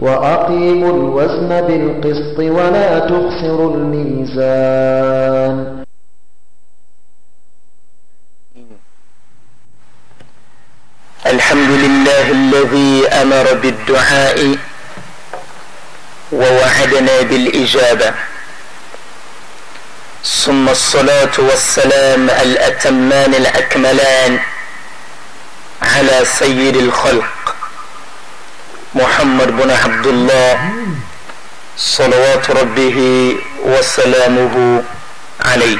وأقيموا الوزن بالقسط ولا تخسروا الميزان الحمد لله الذي أمر بالدعاء ووعدنا بالإجابة ثم الصلاة والسلام الأتمان الأكملان على سيد الخلق محمد بن عبد الله صلوات ربه وسلامه عليه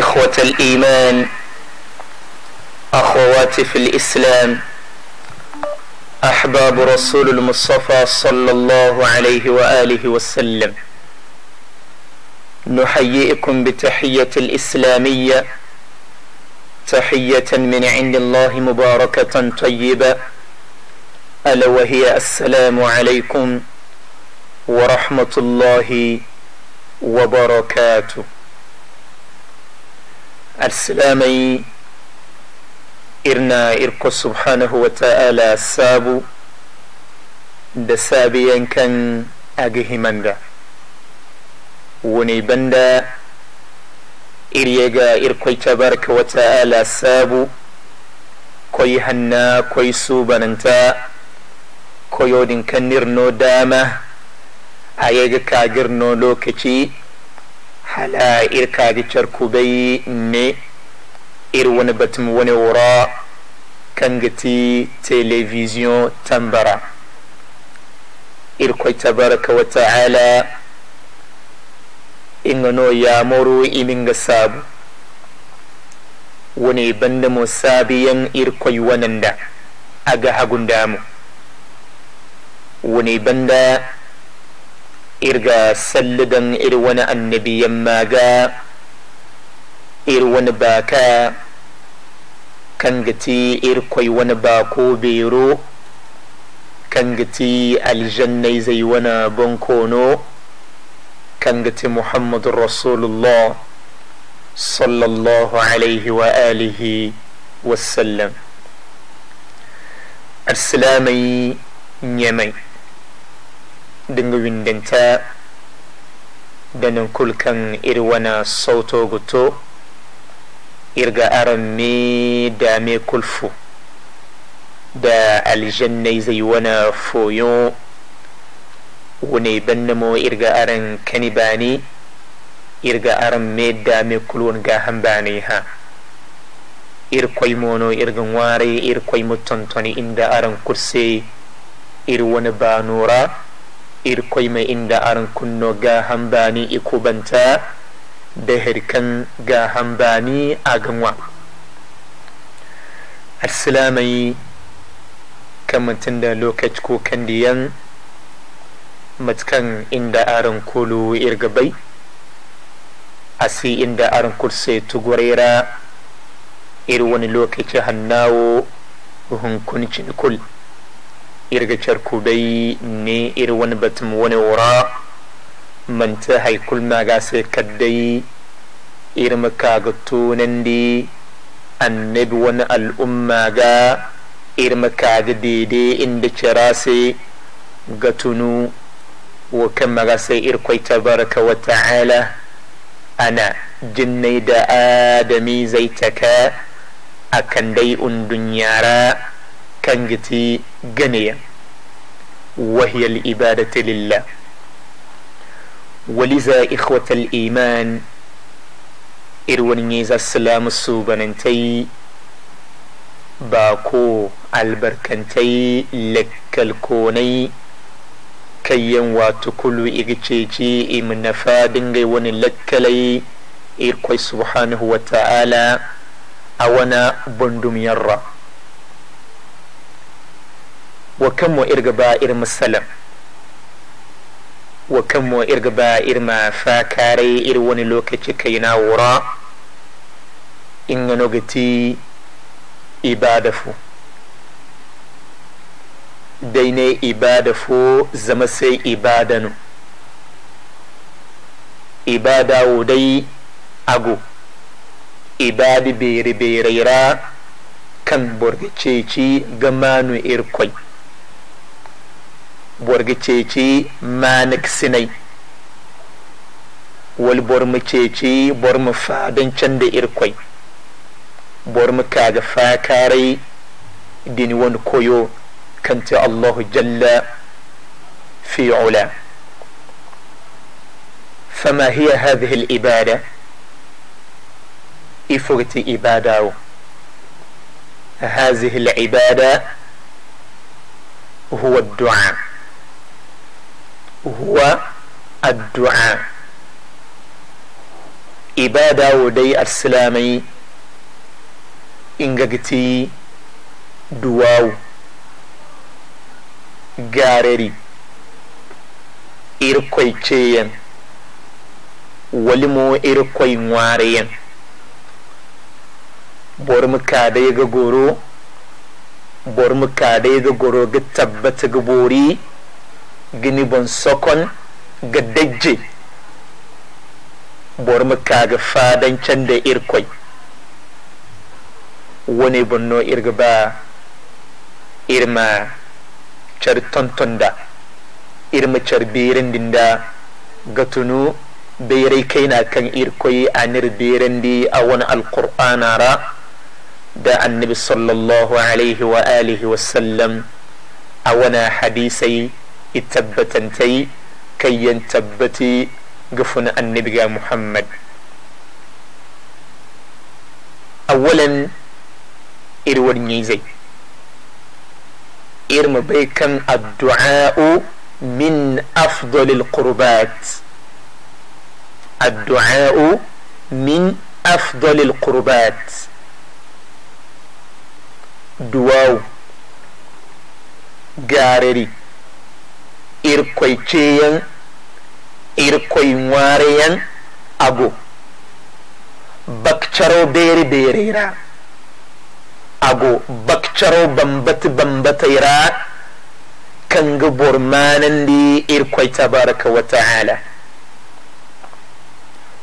إخوة الإيمان أخوات في الإسلام أحباب رسول المصطفى صلى الله عليه وآله وسلم نحييكم بتحية الإسلامية تحية من عند الله مباركة طيبة ألا وهي السلام عليكم ورحمة الله وبركاته السلام إرنا إركو سبحانه وتعالى سابو دسابيا كان أجه من أجهمنغا ونبندا إريغا إركو تبارك وتعالى سابو كوي هنا كوي سوبننتا koyodin no dama kagir kagirno lokaci hala ir charku bai ne ir wani batun wani wura kan gati television tambara ir kwai tabaraka wata'ala ta'ala no ya moro ga sabu wani banda sabiyan ir kwai a aga hagun damu wani banda irga sallidan ir wani annabi yamma ga ir wani baka kan gati wani bako bero kan gati aljannai zai wani bankono kan gati muhammadu rasulullah sallallahu alaihi wa alihi wasallam arsilamai nyamai dinga da danin kulkan irwana sauto guto irga aran me dame kulfu da aljannai zai wana foyo wune bannamo irga aran kanibani irga aran me me kulwon ga hambane ha irkwai mono irgin ware irkwai mutuntuni inda aran kursi ir wani banura mai inda arin kunno ga hambani ikubanta da hirkan ga hambani a ganwa arsilamai kamantin da lokaci ko kandiyan matkan inda arin kulu irgabai asi inda arin kursai tugwarera ir wani lokaci hannawo hunkuncin kul irga dai ne ir wani batun wani wura manta haikul magasa kaddai ir makaga tunan di annabi wani al'umma ga irin makaga daidai inda sai ga tunu wa kan magasa ir kwai tabaraka wa ta'ala ana jinnai da adami zai taka a kan dai undun yara kangiti ganeya وهي الإبادة لله ولذا إخوة الإيمان إرونيز السلام السوبننتي باكو albarkantai lakkalkonai kayan wata kulu irceci imnafa dingai wani lakalai irkwai subhanahu wa ta'ala a wana bandum wa kan mo irga ba irma salam wa kan mo irga ba ma fa kare ir wani lokaci kai na wura in gano gati ibada fu dai ibada fu zama sai ibadanu ibada wudai ago ibadi bere berera kan borgice ci gamanu irkwai borgi ceci manik sinai wal bormu ceci bormu fadin can da irkwai bormu kaga fakarai dini wani koyo kanta Allah jalla fi ula فما هي هذه الإبادة إفرت إبادة هذه العبادة هو الدعاء huwa addu'a ibada wa dai asilamai ingagti duwawu gareri irkoy ceyen walimo irkoy ŋwareyen bormu kadai ga goro bormu kadai ga goro ga tabbata ga bori gini bon sokon ga dajje bor mu kaga fadan can da irkoi wani bonno irga ba irma car tonton da irma car birin dinda ga tunu kai kaina kan irkoi a nir birin di a wani alkur'ana ra da annabi sallallahu alaihi wa alihi wasallam a wani hadisai itabbatantai kayyan tabbati ga funa annabiga muhammad awalan irwar zai irma bai kan addu'a'u min afdalil qurbat addu'a'u min afdalil qurbat duwau garari irkoy ceyan irkoy wareyan ago bakcaro beri ra abu bakcaro bambati bambataira kanga di irkwai tabaraka wa ta'ala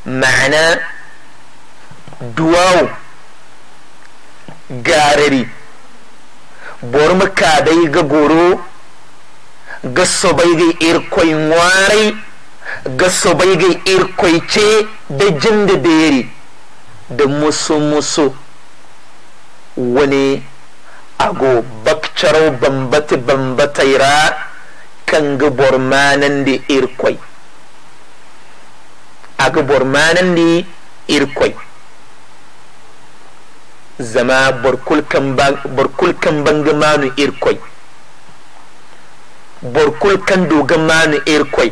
ma'ana duwawu garari borma kadai ga goro ga baygay irkoy waray ga baygay irkoy ce da da deeri da musu musu wani ago bakcaro bambati bambataira kanga a irkoy manan da irkoy zama barkulkan bangamanu irkoy borkul kan dogon mani irkwai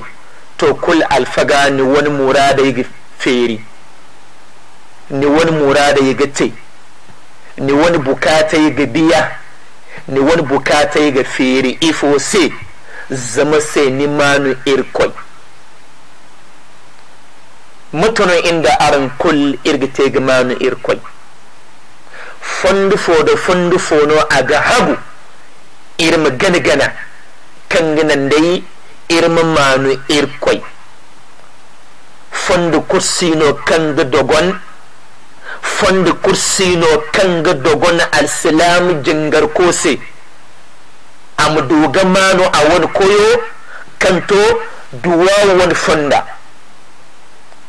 to kul alfaga ni wani mura da yi feri ni wani mura da yi gace ni wani bukata yi biya ni wani bukata yi feri ifo se zama sai ni mani irkwai mutunan inda aran kul irgite ga mani irkwai fundufo da fundufo no a ga hagu irin gana gana kanginan dai irma manu irkoi fondo kursino kanga dogon fondo kursino kanga dogon al al-salam jingar kose am duga manu a wani koyo kanto duwa wani fonda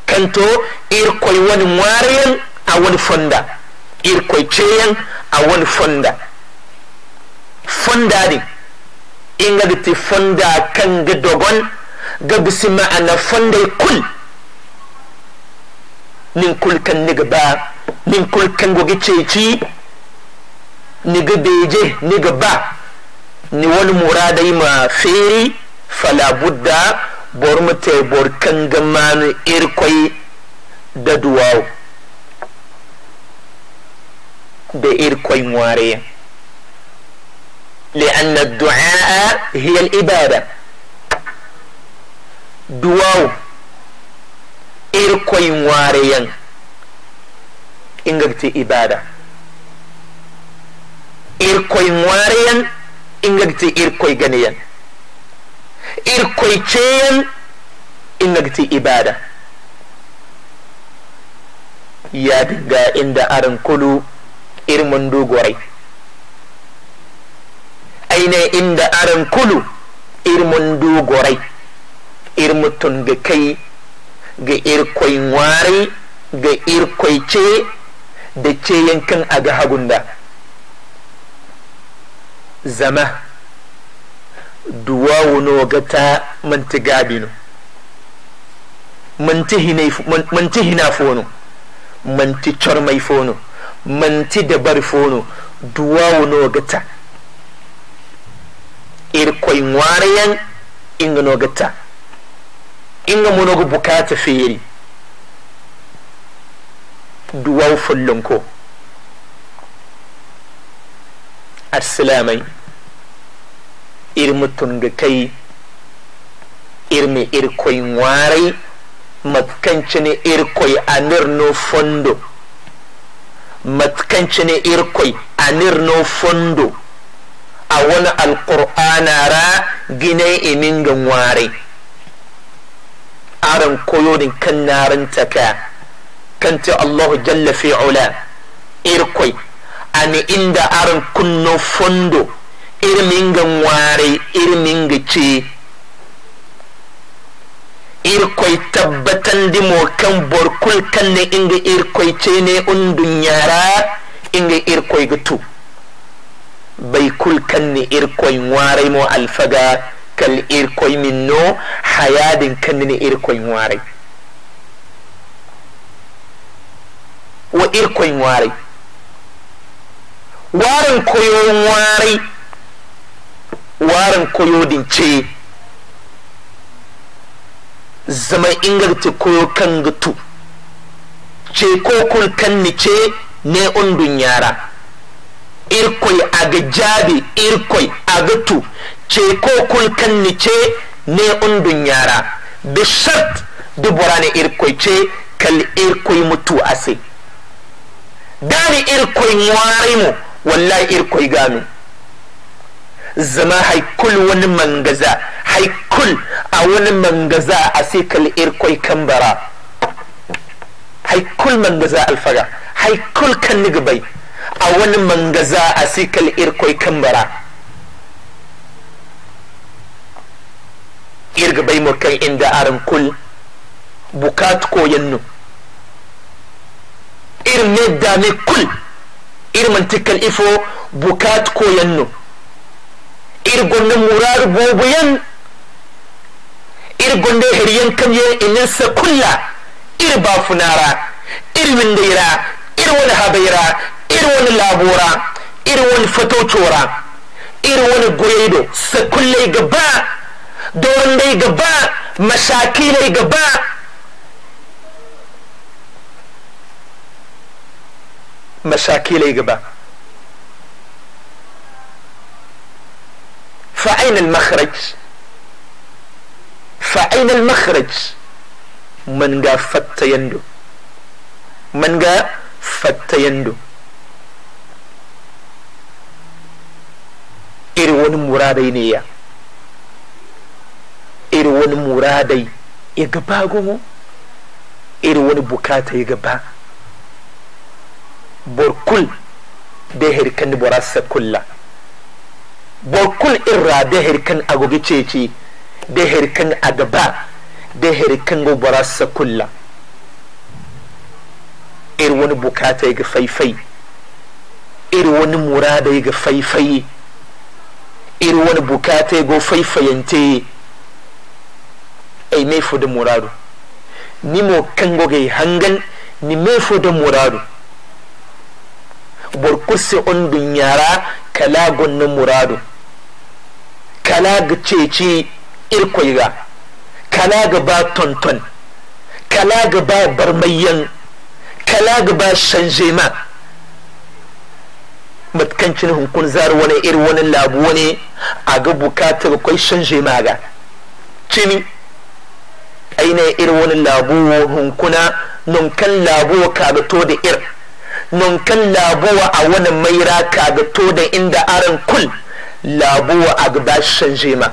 kanto irkoi wani mwariyan a fonda irkoi cheyan a wani fonda fonda ne inga ti fonda kan ga dogon ga bisi ma'ana fonda kul nin kul kan niga ba nin kul kan gogi ceci ga beje niga ba ni wani murada yi ma feri fala budda bor te bor kan ga manu koi da duwawo da koi wariya لأن الدعاء هي الإبادة دواو إركوين واريان إنغبت إبادة إركوين واريان إنغبت إركوي غنيان إركوي تشيان إنغبت إبادة يا دقا إن دا كلو إرمندو غريب aine inda aran kulu irmun du irmutun ga kai ga irkoi wari ga irkoi ce da ce yankin a ga hagunda zama duwawu no ta manti gabinu manti hina fono manti cormai fono manti dabar fono duwawu no ta. irkoi warayan inga noga ta inga monogo bukata feri duwau follon ko arsilamai irmi tunga kai irmi irkoi warai matkancini anir no fondo matkancini anir no fondo a wani alkur'ana ra gine imin ganware aran koyo din kan narin taka kan ta allahu jalla fi ula irkwai an inda aran kunno fondo irmin ganware irmin gace irkwai tabbatan dimo kan borkul kan ne inga irkwai ce ne undun yara inga irkwai bai kulkan ni irkoi warai mo alfaga kal irkoi minno hayadin kan ni irkoi warai wa irkoi warai warin koyon warai warin koyodin ce zama ingarta koyo kan gutu ce ko kulkan ni ce ne undun yara irkoy aga irkoi irkoy ga tu ko kun kan ni ce ne undun yara da shart du borane irkoy ce kal irkoy mutu ase dani irkoy mu wallahi irkoy gami zama haikul wani mangaza haikul a wani mangaza a sai kal kan bara haikul mangaza alfaga haikul kan ni gabai a wani mangaza a sikal irkoi kambara irga bai murkan inda arin kul bukat ko yannu irin ne da kul irin tikal ifo bukat ko yannu na murar bobuyan irgonde heriyan kamye ininsa kulla ir funara ir windira ir wani habaira iri wani labora iri wani fatocora iri wani goyaido sakullai gaba dorandai gaba mashakilai gaba mashakilai gaba فأين المخرج فأين المخرج من قا فتيندو من قا فتيندو irin wani muradai ne ya irin wani muradai ya gaba gumu irin wani bukata ya gaba borkul da hirkan borasa kulla borkul irra da hirkan agogi cece da hirkan agaba da hirkan borasa kulla irin wani bukata ya ga faifai irin wani murada ga faifai iri wani bukata go faifayante ai mai da muradu ni mo kango goge hangan ni mai da muradu kursi on dunyara kala gonna muradu kala ga ceci ga kala ga ba tonton kala ga ba barmayyan kala ga ba shanjema matkancin hunkun zar wani iri wani labu wani a ga bukatar kwai shanje maga cini aina iri wani labu hunkuna nun kan labu ka ga to da ir nun kan labuwa a wani maira ka to da inda aran kul labuwa a ga ba shanje ma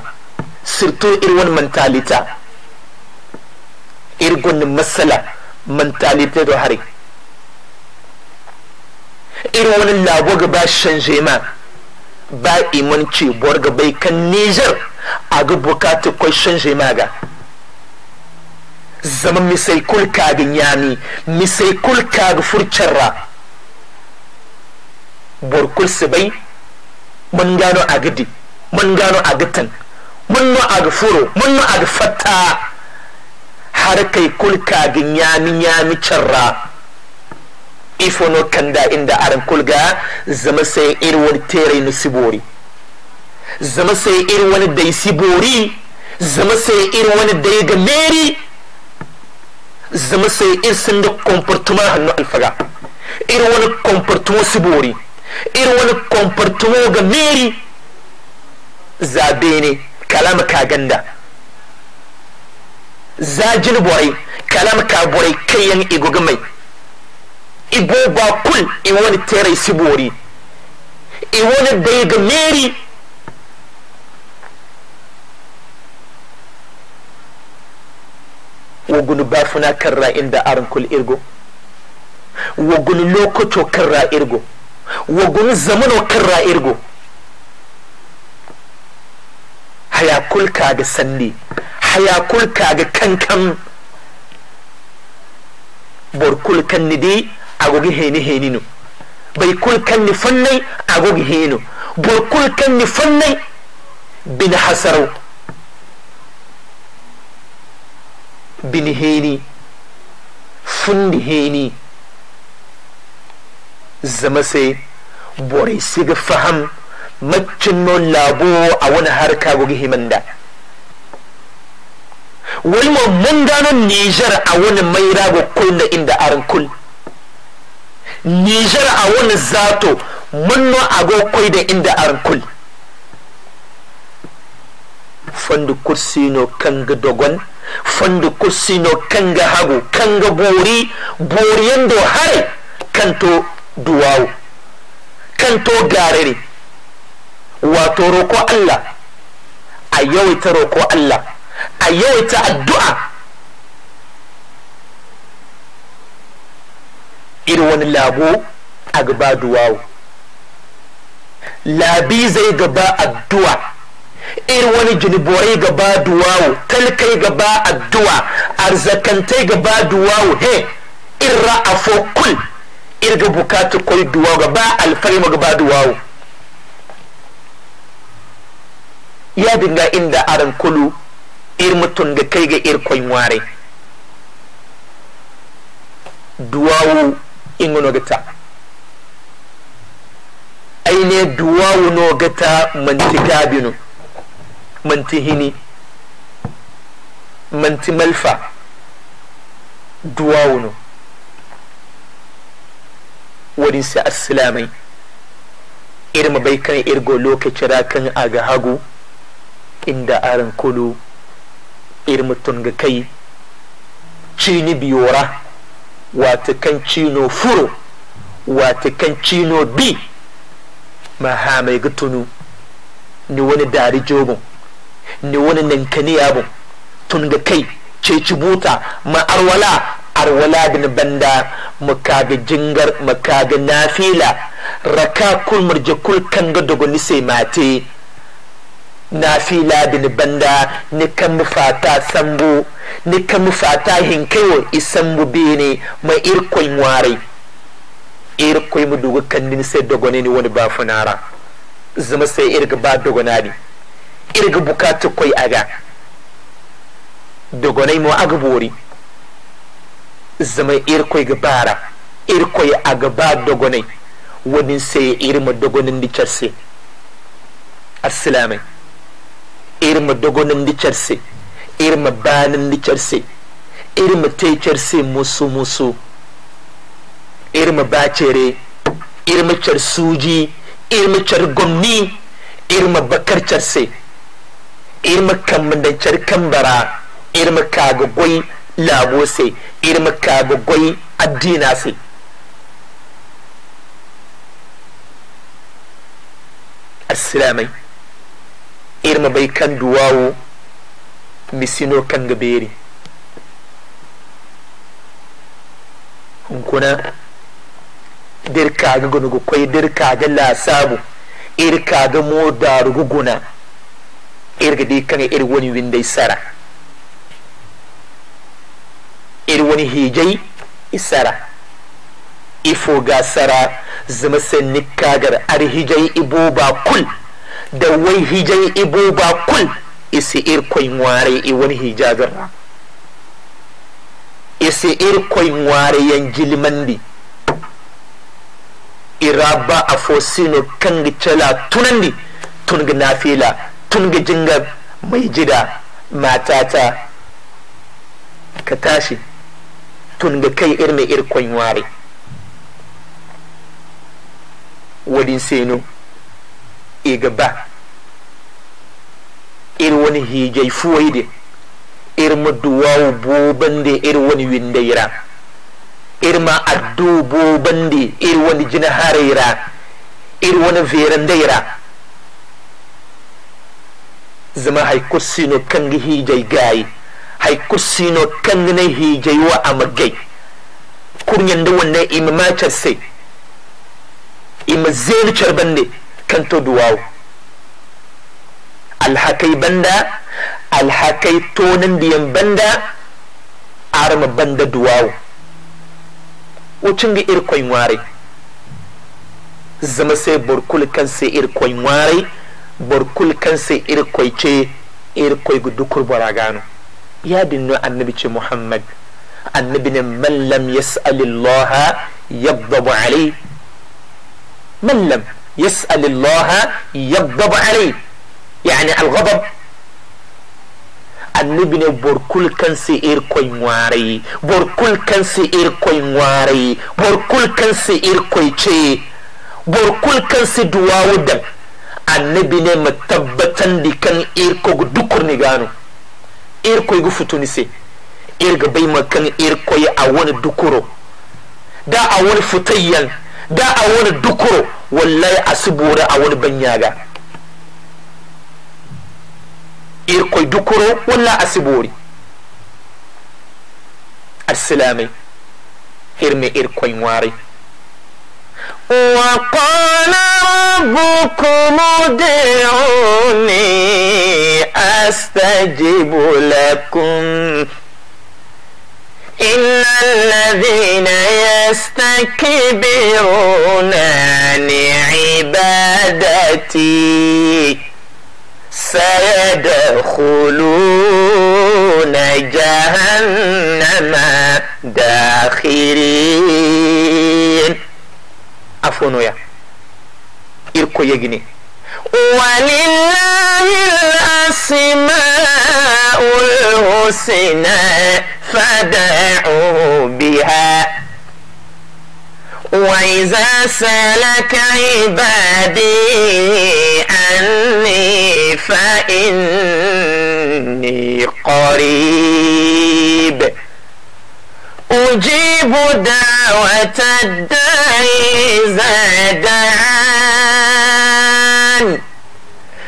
sirto iri wani mentalita irgun masala mentalita da hari irin wani labo ga ba san zema ba iman ce buwar ga bai kan nijar a ga bukatu kwai san zema ga zama misai kulka ga nyami misai kulka ga furcin ra buwar kulsi bai mun gano a gidi mun gano a gitan mun no a ga furo mun no a ga fata har kai kulka ka ga nyami nyami carra ifono kanda inda aran kulga zama sai irin wani tere na sibori zama sai irin wani dai sibori zama sai irin wani dai ga meri zama sai ir sun da comportement hannu alfaga irin wani comportement sibori irin wani comportement ga meri zabe ne kalama kaganda zajin bore kalama ka bore kayan igogamai mai iboba kul wani tere sibori wani daga meri wogunu bafuna karra inda kul irgo wogunu lokoto karra irgo wogunu zamano karra irgo hayakul kaga sanni hayakul kaga kankan borkul kannidi agogi heni heni no bai kul kanni fonnai agogi heno bor kul ni fannai bin hasaro bin heni fundi heni zama sai bore siga faham maccin non labo a wani harka gogi himanda wani mun gano nijar a wani mai rago kul da inda arin kul nijar a wani zato munno a koi da inda arkul fandu kursino kanga dogon fandu kursino kanga hagu kanga bori boriyan do hare kanto duwawu kanto garere wato roko Allah a yawaita roko Allah a yawaita addu'a iri wani labo a gaba duwawu labi zai gaba addu'a iri wani jiniborai gaba duwawu kalkai gaba addu'a arzakantai gaba duwawo he irra afo kul irga bukatu koi duwawo gaba alfarma gaba duwawo ya dinga inda aran kulu ir mutum da kai ga ir koi ware duwawu wani aine duwawu wani geta manti gabinu manti hini manti malfa duwawu no wani sai asilamai irma bai kan irgo lokaci rakan aga hagu inda aran kulu mutum ga kai cini biyora wata kan cino furo wata kan cino bi ma ha mai gutunu ni wani dari jogun ni wani ninkani abu tun ga kai ceci buta ma arwala arwala ni banda ga jingar makaga nafila raka kul murje kul kanga dogo ni sai mate na fi bin banda ni kan fata sambu ni kan fata hinkewo isambu ne ma irkoy ngwari irkoy mu kan kandin se dogone ni wani ba funara zama sai irga ba ne irga bukatu koi aga dogonai mu aga bori zama irkoy ga bara irkoy aga ba dogonai wani sai irma dogonin assalamu alaikum irma dogonin dicarse irma banin dicarse irma tecarse musu musu irma bacere irma car suji irma car gomni irma bakar carse irma da car kambara irma kagagwai labose irma kagagwai addinase asilamai irma bai kan duwawo misino kan gaberi hunkuna dirka ga kwai dirka ga lasabu irka ga modaru guguna irga dai kan ir wani windai sara ir wani hijai isara ifo ga sara zama sanni kagar arhijai ibo ba kul da wai hijan ibo ba kul isi koi ware i wani hijazarra isi koi ware yan jilmandi iraba a fosino kanga cala tunandi ga nafila tunga jinga mai jida matata ka tashi tun ga kai ir koi ware wadin seno iga e ba ir wani hijai fuwai de ir maduwa duwawu boban de ir wani windaira ir ma addu boban de ir wani jina haraira ir wani verandaira zama hay kursino kangi hijai gayi hay kursino kangi na hijai wa amagai kurnyan da wannan imamacar sai ima zeni carbande kanto duwawu alhakai banda alhakai tonin diyan banda arma banda duwaw ucinga irkon ware zama sai borkul kan sai irkoy ware borkul kan sai irkoy ce irkoy ga dukur baragano ya dinno annabi ce muhammad annabi ne man lam yas'alillaha yabdabu alai man lam يسأل الله يغضب عليه يعني الغضب annabi ne borkul kanse ir koy ŋwaarey borkul kanse ir koy ŋwaarey borkul kanse ir koy ce borkul kanse duwawo dan annabi ne ma tabbatandi kan ir kogo dukurni gano ir koygo futuni se ir bayma kan ir koy dukuro da a wona futayyan da a dukuro wallai a sibora a wani banyaga irkoi dukuro walla a sibori asilamai hirme irkoi ware وقال ربكم ادعوني استجب لكم الذين يستكبرون عن عبادتي سيدخلون جهنم داخرين عفوا يا إركو يجني ولله الأسماء الحسنى فدعوا بها وإذا سألك عبادي عني فإني قريب أجيب دعوة الداعي إذا دعاني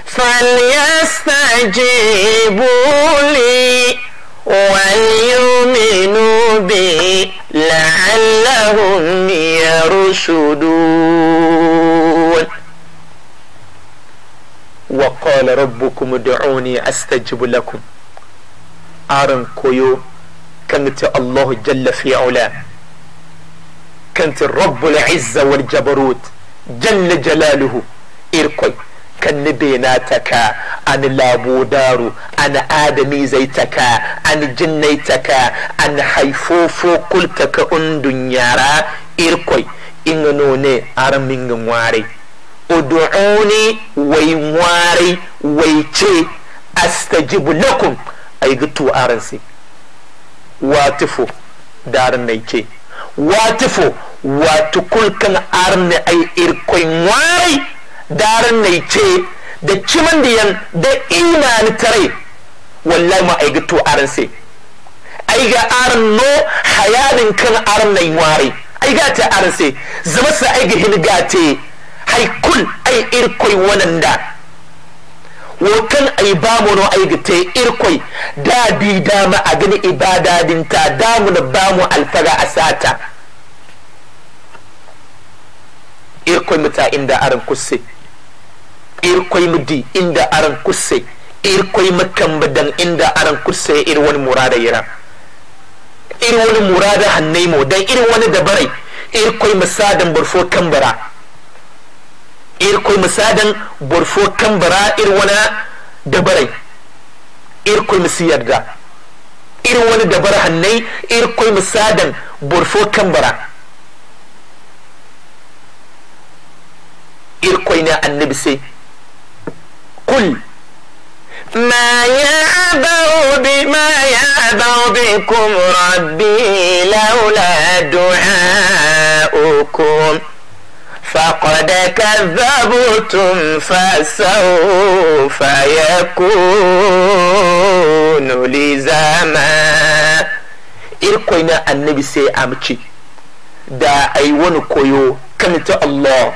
فليستجيبوا لي وليؤمنوا بي لعلهم يرشدون وقال ربكم ادعوني استجب لكم أرن كيو كنت الله جل في علاه كنت الرب العزة والجبروت جل جلاله irkwai kan na taka an daru an adami zai taka an jinnai taka an haifofo kultaka undun yara irkoi ingano ne aramin ware ne wai ware wai ce astajibu lakum ai gutu aransi watifo darin nai ce watifo watu arne ai irkwai ware daran na ce da kiman da yan da ina ni tare wallahi ma ai gito aran sai ai ga aran no hayalin kan aran na ware ai ga ta aran sai zama sa ai ga hilga te hai kul ai irkoi wannan da wakan ai ba mu no ai gite irkoi da bi ma a gani ibada ta da mu na ba mu alfaga asata irkoi muta inda aran kusse irkoyema di inda aran kurse irkoyema kamba dan inda aran kurse ir wani murada yira ir wani murada mo dan ir wani dabarai irkoyema sadan barfo kambara irkoyema masadan borfo kambara ir wana dabarai irkoyema si yarda ir wani dabar hannai irkoyema masadan borfo kambara irkoyna annabi sai ما يعبأ بما يعبأ بكم ربي لولا دعاؤكم فقد كذبتم فسوف يكون لزاما إلقينا النبي سي أمشي دا أيوان كويو كانت الله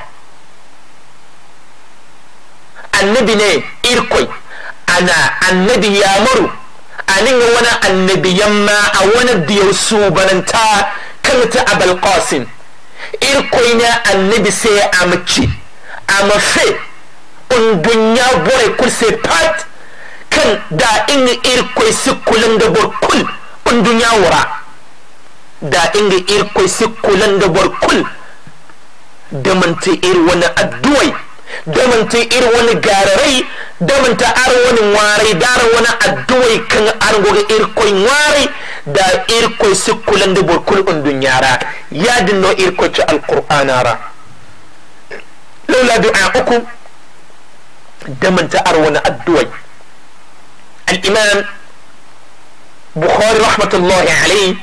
النبي نه إلقي ana annabi ya maru anin ga wani annabi yamma a wani biyar su baranta kalta a balkosin irkoi na annabi sai a amafe un ya bore kul pat kan da inga irkoi su kulun da burkul kul ya wura da inga irkoi su kulun da burkul da manta iri wani addu'ai damanta iri wani gararai damanta ar wani warai dara wani adduwai kan ar goga irkoi warai da irkoi sikulan da burkul undun yara ya dinno irkoi ci alqur'ana ra laula du'a'ukum damanta ar wani adduwai al-imam bukhari rahmatullahi alayhi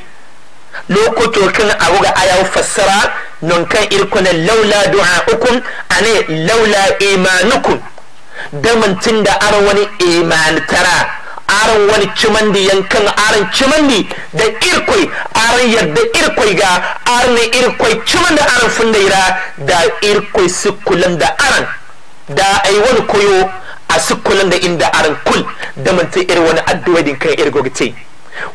lokacin kan agoga ayaw fassara non kan irkona laula du'a'ukum ane laula imanukum damantin da aran wani iman tara aran wani cimandi yankan aran cimandi da irkwai aran yadda irkwai ga aran ne irkwai ciman da aran fundaira da irkwai sukulan da aran da ai wani koyo a sukulan da inda aran kul damantin irin wani addu'a din kan irgogte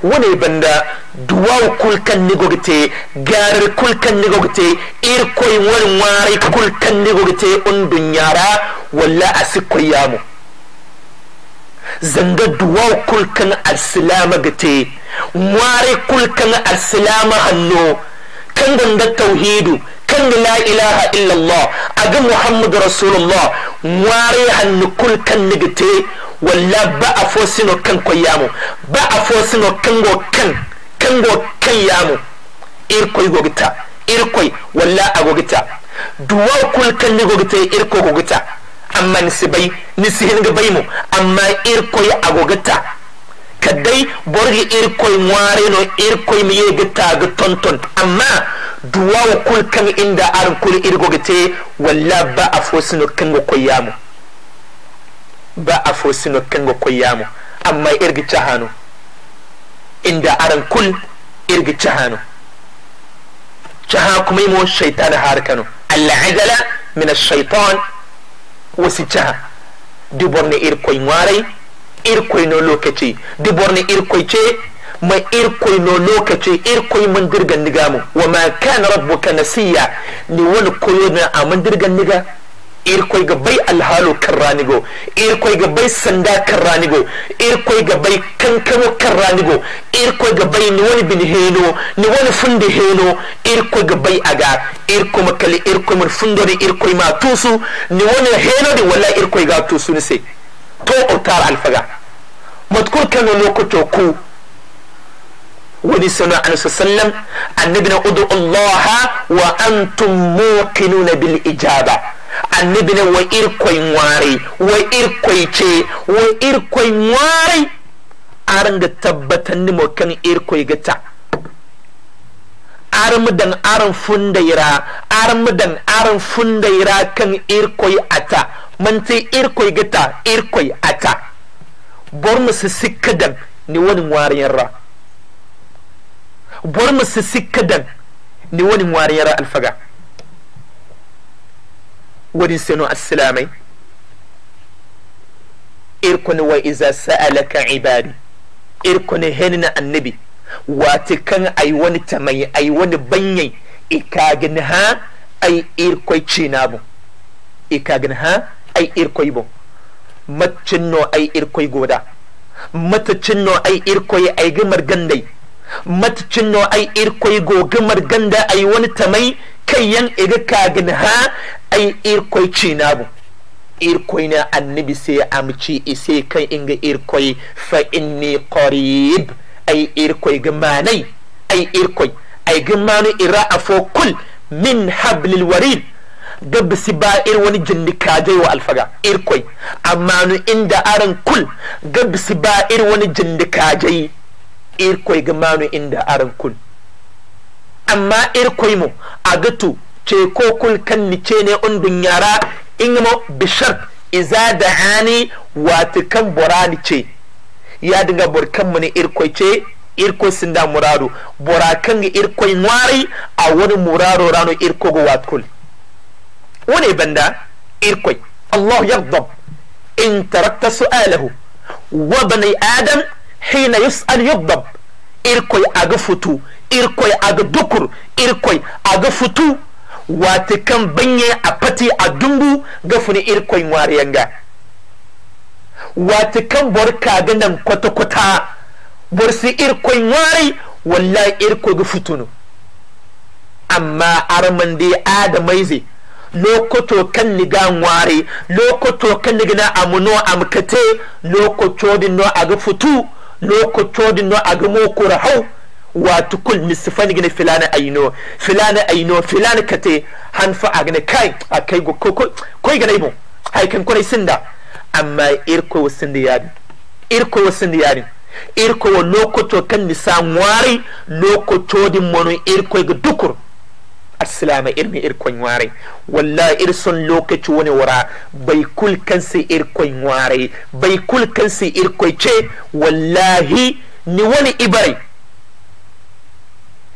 wani banda duwa kulkan nigogite garar kulkan nigogite ir koi wani wari kulkan nigogite on dunyara walla asikoy yamu zanga duwa kulkan alsilama gite wari kulkan alsilama hannu kan ganda tauhidu kan la ilaha illallah aga muhammadu rasulullah wari hannu kulkan nigite walla ba a fosino kan ko yamu ba a fosino sino kango kan kango kan yamu irkoy gogita irkoy walla agogita duwa kul kan ni gogita irko gogita amma nisibai hin ga mu amma irkoy agogita kadai borgi irkoy ngware no irkoy ye gita ga tonton amma duwa kul kan inda arkul gogita walla ba a fosino sino kango ko yamu ba a fosino kengo koyamo amma irgi cahano inda aran kul irgi cahano caha kuma imo shaitan harkano al'ajala min ash-shaytan wasi caha duborne irkoy ngwarai irkoy no lokaci duborne irkoy ce ma irkoy no lokaci irkoy man dirgan nigamu wa ma kana rabbuka nasiya ni wani koyo na a man dirgan niga irkoyga bay alhalo kan raanigo irkoyga bay sanda kan raanigo irkoyga bay kankano kan raanigo irkoyga bay niwani bin heeno niwani fundi heeno irkoyga bay aga irkoma kali irkoyman fundori irkoyma tuusu niwani heenodi walla irkoyga tuusunise to otar alfaga matkul kano lokoto ku wani sana anasu sallam annabina udu allaha wa antum muqinuna bil ijaba annabi ne wa irkoy ŋwaari wa irkoy ce wa irkoy ŋwaari aranga tabbatandi tabbatar kaŋ irkoy ga ta arma dan aran fundaira arma dan aran fundaira kan irkoy ata mante irkoy ga ta irkoy ata bor mu su sikka dan ni wani ra bor mu su sikka dan ni wani ŋwaariyanra alfaga wonin sanu assilamai irkone wa iza sa'alaka ibadi irkone henna annabi Wata kan ai wani tamai ai wani banyai ikagin ha ai irkoi bu ikagin ha ai irkoi bo macin no ai irkoi goda matacin no ai irkoi ai gamar gandai matacin no ai irkoi go gamar ganda ai wani tamai kai yan iga kagin ha ai irkoy cina bu irkoi na annabi sai amci kan inga irkoy fa inni qarib irkoy irkoi ay irkoy ay ai gamanu ira kul min hablil wariir gabba baa ba ir wani jinni kajai wa alfaga irkoy amma inda aran kul gabba si ba ir wani jinni irkoy irkoi inda aran kul amma irkoy mu agatu ce ko kul kalli ce ne on yara in mo bishar iza da hani wata kan borani ce ya dinga kan mu ne irkoi ce irko sinda murado bora kan ga irkoi nwari a wani murado rano irko go watkul wani banda irkoi Allah dab. in tarakta su su'alahu wa bani adam hina yus'al yaghdab irkoi aga futu irkoi aga dukur irkoi aga futu wata kan banye a fati a dumbu ga funi irkon ga wata kan bor kaga nan kwata kwata bor su irkon wari wallahi irko ga fitunu amma arman adamai zai lokoto kan niga wari lokoto kan niga na amuno amkate lokoto din no aga futu lokoto din no aga mokura hau wa kul nisfan gine filana aino filana aino filana kate hanfa a agne kai kai go ko ko koi gane ibo hay kan kone sinda amma irko wasinda yari irko wasinda yari irko wa lokoto kan nisan ngwari lokoto din mono irko ga dukur assalamu irmi irkon ware walla irson lokaci wani wara bai kul kansa irkon ware bai kul kansa irkoi ce wallahi ni wani ibarai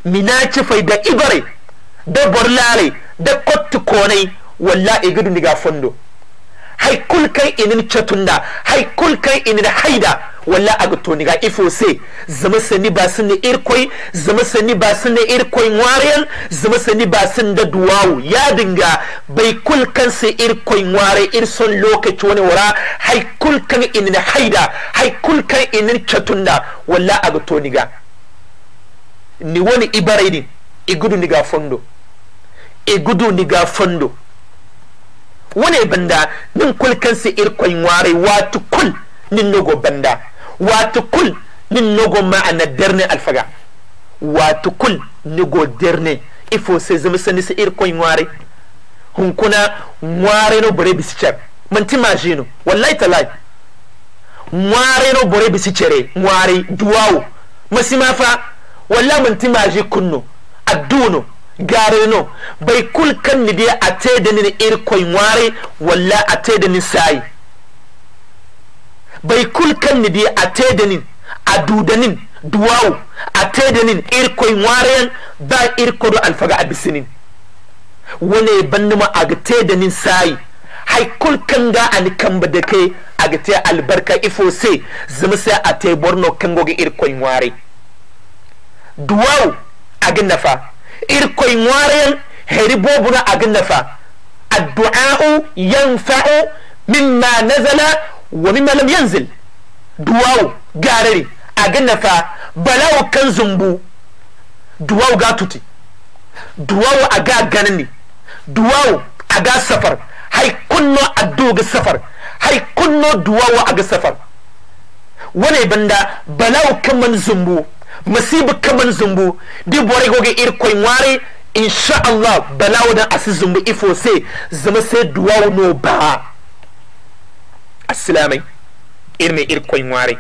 minaci fai da ibare da borlare da kottu konai walla igidi niga fondo hay kul kai inin catunda Hai kul kai inin haida walla aga to niga ifo se zama sani ba sun irkoi zama sani ba sun irkoi wariyan zama sani ba sun da duwawu ya dinga bai kul kan se irkoi ware irson lokaci wani wara Hai kul kan inin haida Hai kul kan inin catunda walla aga to niga ni woni ibarayɗin e gudu ga fondo e gudu ndiga fondo woni banda nin kul kansi irkoye ware watu kul nin nogo banda watu kul nin nogo ma ana derne alfaga watu kul nigo derne il faut se zama sani se irkoye waray hunkuna ware no bore bisi cer man majino wallahi talay ware no bore bisi cere waray duwawo masima fa walla mun ti maji kunno adduno gareno bai kul kan ni dia ate da ni ir koy ware walla ate da ni sai bai kul kan ni dia ate da ni adudanin duwawu ate da ni ir koy ware ba ir kodo alfaga abisinin wane bannuma agate da ni sai haikul kanga ani kamba da kai agate albarka ifo sai zama sai ate borno kan goge ir koy ware duwaw agin nafa irkoy ngwaren heri bobuna agin nafa addu'a'u yanfa'u mimma nazala wa mimma lam yanzil duwaw garari agin nafa balawo kan zumbu duwaw ga tuti duwaw aga ganani duwaw aga safar hay kunno addu safar hay kunno duwaw aga safar wane banda balawo kan man zumbu masibu kaman zumbu di bore goge ir koy ngware insha Allah balawo dan asi zumbu ifo se zama sai duwa no ba ir irme ir koy ngware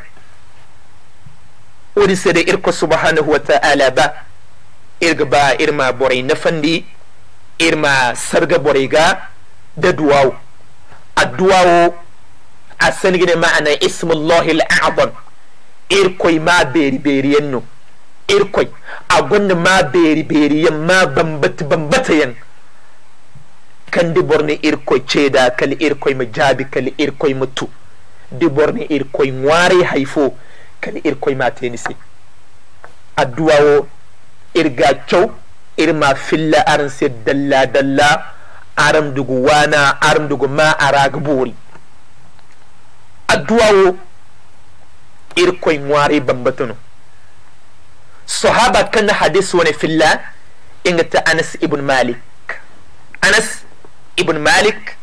wani sai da irko subhanahu wa ta'ala ba irga ba ma bore na fandi ma sarga bore ga da duwawo adduwawo a sanigine ma'ana ismullahi al'adon irkoi ma beri beri yannu irkoi gwanda ma beri beri yan ma bambata bambata yan kan di irkwai irkoi ceda kali irkoi ma jabi kali irkoi ma tu di irkwai irkoi haifo kali irkoi ma tenisi addu'a wo irga kyau irma filla arin sai dalla dalla aram dugu wana aram dugu ma a bori addu'a wo irkoi ngwari bambata no صحابة كان حديث وني في الله إنت أنس ابن مالك أنس ابن مالك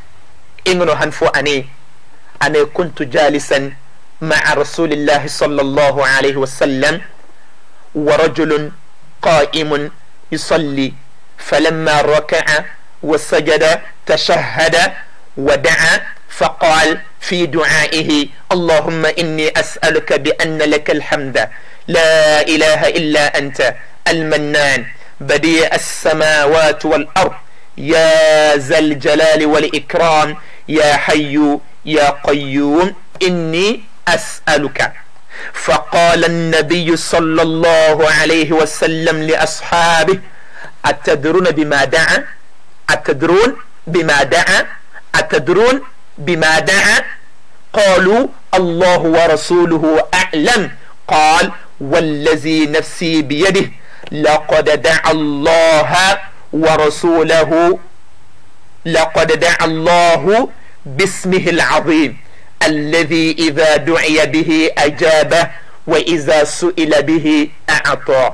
إنو هنفو أني أني كنت جالسا مع رسول الله صلى الله عليه وسلم ورجل قائم يصلي فلما ركع وسجد تشهد ودعا فقال في دعائه اللهم إني أسألك بأن لك الحمد لا إله إلا أنت المنان بديع السماوات والأرض يا ذا الجلال والإكرام يا حي يا قيوم إني أسألك فقال النبي صلى الله عليه وسلم لأصحابه أتدرون بما دعا أتدرون بما دعا أتدرون بما دعا قالوا الله ورسوله أعلم قال والذي نفسي بيده لقد دعا الله ورسوله لقد دعا الله باسمه العظيم الذي إذا دعي به أجابه وإذا سئل به أعطى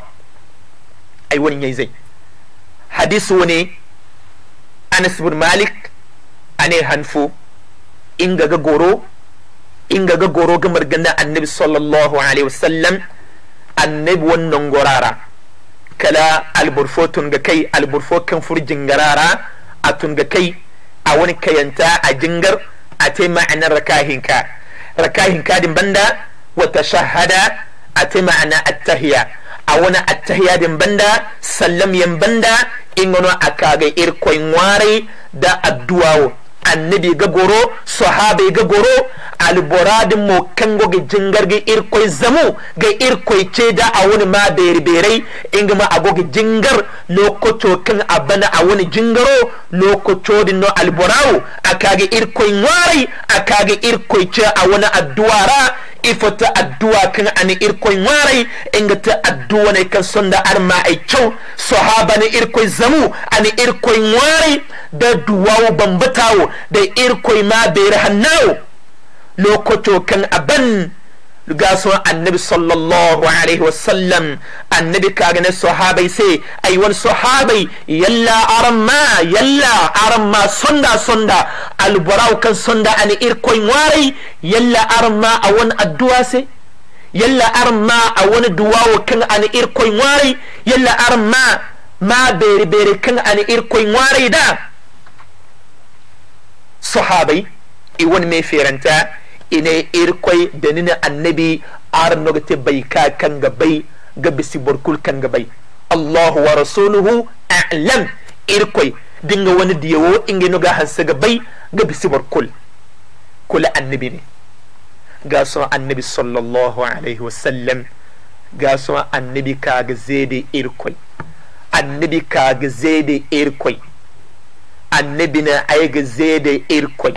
أي وني يزي حديثوني أنس بن مالك أنا هنفو إنغا غورو إنغا غورو غمر النبي صلى الله عليه وسلم annabi wannan gurara kala alburfo ga kai alburfo kan furjin garara a tunga kai a wani kayanta a jingar a ta ma'anar rakahinka rakahinka din banda wata shahada a ta ma'ana attahiya a wani attahiya din banda sallam yan banda in wani a kaga irkoin warai da addu'awo annabi ga goro sahabai ga goro din mo go ga jingar ga irkoy zamu ga irkoy ce da a wani ma berberai inga ma ga jingar kaŋ a bana a wani jingaro lokoco din no irkoy akaga a ka ga irkoy ce a wani ra ifa ta addu'a kan ani irkoi warai inga ta addu'a ne kan sonda arma ai kyau sahaba ne irkoi zamu ani irkoi warai da duwawo bambatawo da irkoi ma bayar hannawo lokoto kan aban لغاسون النبي صلى الله عليه وسلم النبي كاغن الصحابي سي اي أيوة وان صحابي يلا ارما يلا ما صندا صندا البراو كان صندا ان اركوي واري يلا ارما اون الدواسي يلا ارما اون الدواو كان ان اركوي واري يلا أرم ما ما بيري بيري كان ان اركوي واري دا صحابي اي وان ميفيرنتا ine irkoy denina annabi arnogte bay ka kanga bay ga bisi borkul kanga bay allahu wa rasuluhu alam irkoy dinga wani diyawo inge noga hansaga bay ga bisi borkul kula annabi ne ga so annabi sallallahu alaihi wasallam ga so annabi kaga zede irkoy annabi kaaga zede irkoy annabi na aiga zede irkoy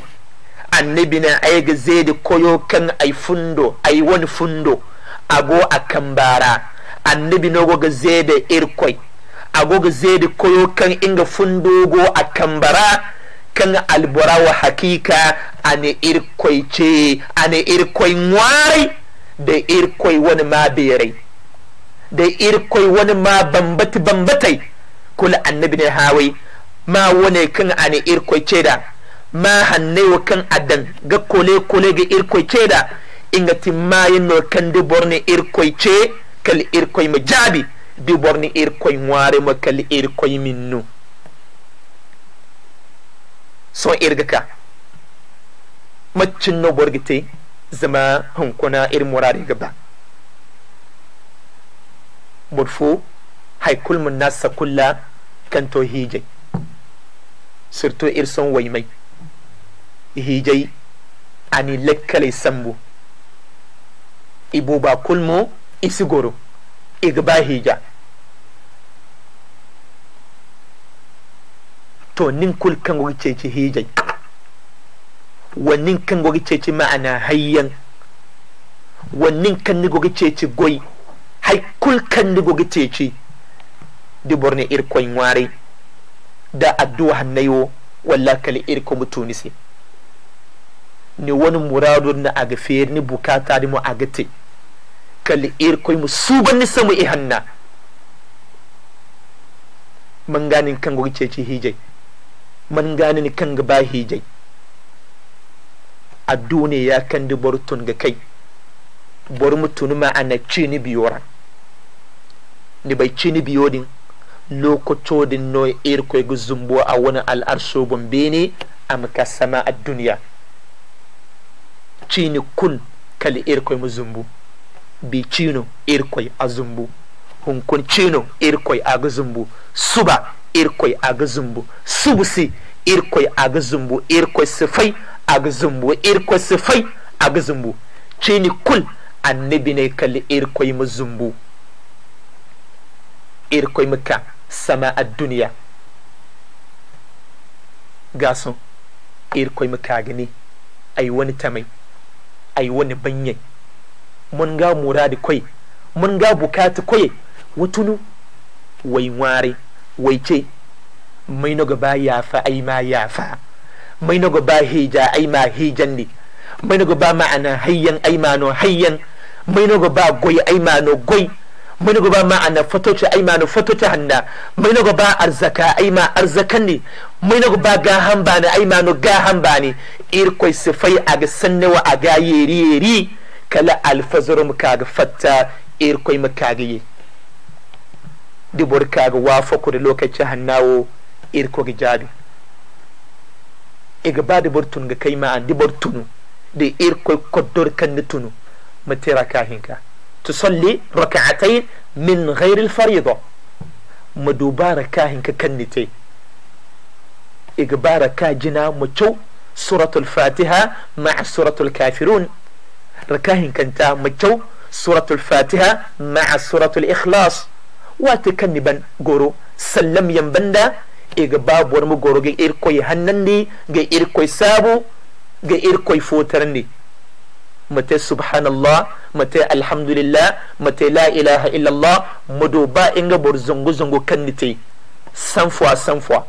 annabi na ai ga zai da koyo kan ai fundo ai wani fundo ago a kan bara annabi na go ga zai da irkoi ago ga zai da koyo kan inga fundo go a kan bara kan albora wa hakika ani irkoi ce ani irkoi ngwari da irkoi wani ma bere da irkoi wani ma bambati bambatai kula annabi ne hawai ma wani kan ani irkoi ce da ma hanne wa kan adan ga kole kole ga ce da inga timmayi no kan di borne irkoi ce kal irkoi ma jabi di borne irkoi ware ma kal irkoi minnu so irga ka maccin no borgite zama hankuna irin murari gaba murfu haikul nasa kulla kan to hijai sirto irson waimai hijai ani lekkale sambu ibuba kulmo isigoro igba hija to nin kul kangogi ceci hijai wannin kangogi ceci ma'ana hayyan wannin kan nigogi ceci goy hay kul kan nigogi ceci di borne irkoy ngwari da addu'a hannayo walla kala irko mutunisi ni wani muradun na aga fer ni bukata ni mu aga te kalli iri kai mu ban ni samu i hanna man ganin kan gogi ceci hijai man gani kan ga ba hijai a duniya kan di bar tun ga kai bar mu tunu ma ana ci ni biyora ni bai ci ni biyodin lokacin noy iri kai ga zumbo a wani al'arsho bene a makasama sama a duniya cini kun kali irkoi mu zumbu bi cino irkoi a zumbu hunkun cino irkoi a ga zumbu suba irkoi a ga zumbu subusi irkoi a ga zumbu irkoi sifai a ga zumbu irkoi sifai a ga zumbu cini kun annabi ne kali irkoi mu zumbu irkoi muka sama a duniya gasun irkoi muka gani ai wani tamai yi wani banye mun ga da kwai mun ga bukati kwai watunu wai ware wai ce mai na gaba ya fa ai ma ya fa mai na gaba hija ai ma hijan ne mai na gaba ma'ana hayyan ai ma no hayyan mai na gaba goyi ai ma no goyi mai na gaba ma'ana fatoci ai ma no fatoci hanna mai na gaba arzaka ai ma arzakan ne mai na gaba ga hanba ne ai ma no ga hanba ne a ga sifay wa a ga yeri yeri kala mu alfazarum kaga fatta irkoy makagaye dibor kaga wafo da lokacin hannawo irko ga jabi iga ba dibor tun ga kai ma'an dibor tunu da irkoy kodor kan tunu matira kahinka tusalli raka'atayn min ghairi al-fariḍa madubara kahinka kan nite iga bara ka jina mu سورة الفاتحة مع سورة الكافرون ركاهن كنتا مجو سورة الفاتحة مع سورة الإخلاص واتكني واتكنبا غورو سلم ينبندا إقباب باب ورمو غورو غي إركوي هنندي جي إركوي سابو غي إركوي فوترندي متى سبحان الله متى الحمد لله متى لا إله إلا الله مدوبا إنغ بور زنغو زنغو كنتي سنفوا سنفوا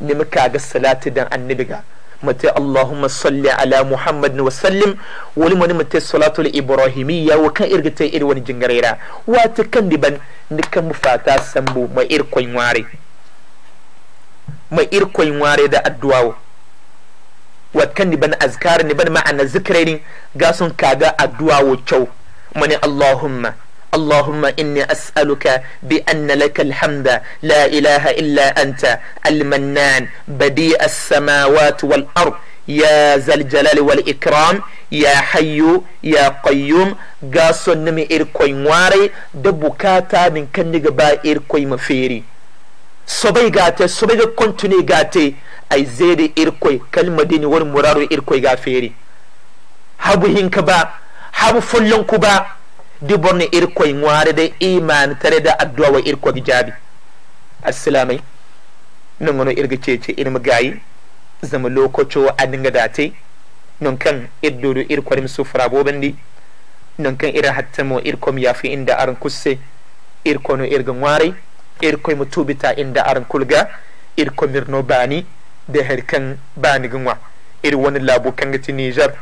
muka kaga salati dan annabi ga mate allahumma salli ala muhammad wa sallim wani mani mate salatu ibrahimiyya wa kan irgita ir wani jingarera wata kan diban nikan mu fata sambu mai ir ware mai ir ware da addu'a wat kan diban azkar ni ban ma'ana zikirin ga sun kaga addu'a wa kyau mani allahumma اللهم إني أسألك بأن لك الحمد لا إله إلا أنت المنان بديء السماوات والأرض يا ذا الجلال والإكرام يا حي يا قيوم قاسو نمي إركوي مواري دبوكاتا من كنق با إركوي مفيري صبي قاتي صبي ga قاتي أي ai إركوي كلمة ديني dini إركوي غافيري irkoi هنك با habu فلنك با di borne irkoye de iman da addu'a wa irkoɓe jabi assalamu non ngono irga cece irma gayi zama lokaco adinga date non kan irdodo irkorim sufra boɓandi non kan ira hattamo irkom yafi inda aran kusse irkono irga ŋwaray irkoymo tuɓita inda aran kulga mirno bani de her kan bani ŋwa ir woni laabu kangati niger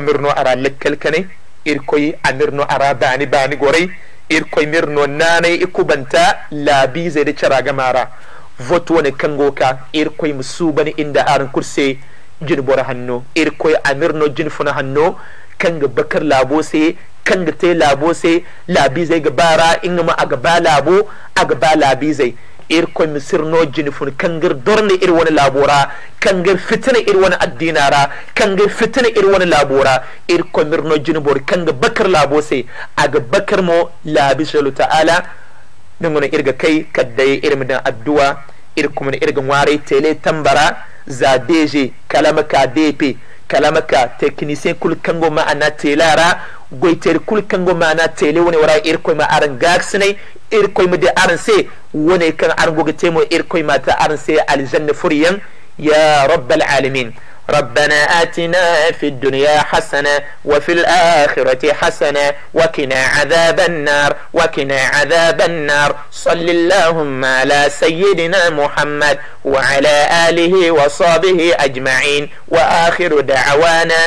mirno ara lekkel kane irkoy amirno ara bani bani gorey irkoy mirno nanay ikubanta da zeyde caraga mara voto wani kan goka irkoy musu bani inda aran kurse jin bora hanno irkoy amirno jin funa hanno kanga bakar labo se kanga te labo se labi zai ga bara in ma a gaba labo a gaba labi zai ir koymi no jini fun kangir dorne ir wani labora kangar fitina ir wani addinara kangar fitina ir wani labora ir koymirno jini bor kanga bakar labose a aga bakar mo labi shalu ta'ala dingona irga kai kaddaye da addu'a ir kuma irga ware tele tambara za deje kalama ka kalamaka technicien kul kango ma ana telara goiter kul kango ma ana tele wani wara ir ma aran gaksne ir koy de aran se wani kan aran goge temo ir koy ma ta aran se aljanna furiyan ya rabbal alamin ربنا آتنا في الدنيا حسنة وفي الآخرة حسنة وقنا عذاب النار وقنا عذاب النار صل اللهم على سيدنا محمد وعلى آله وصحبه أجمعين وآخر دعوانا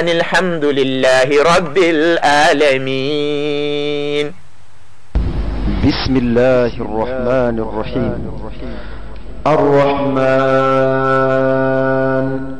أن الحمد لله رب العالمين بسم الله الرحمن الرحيم الرحمن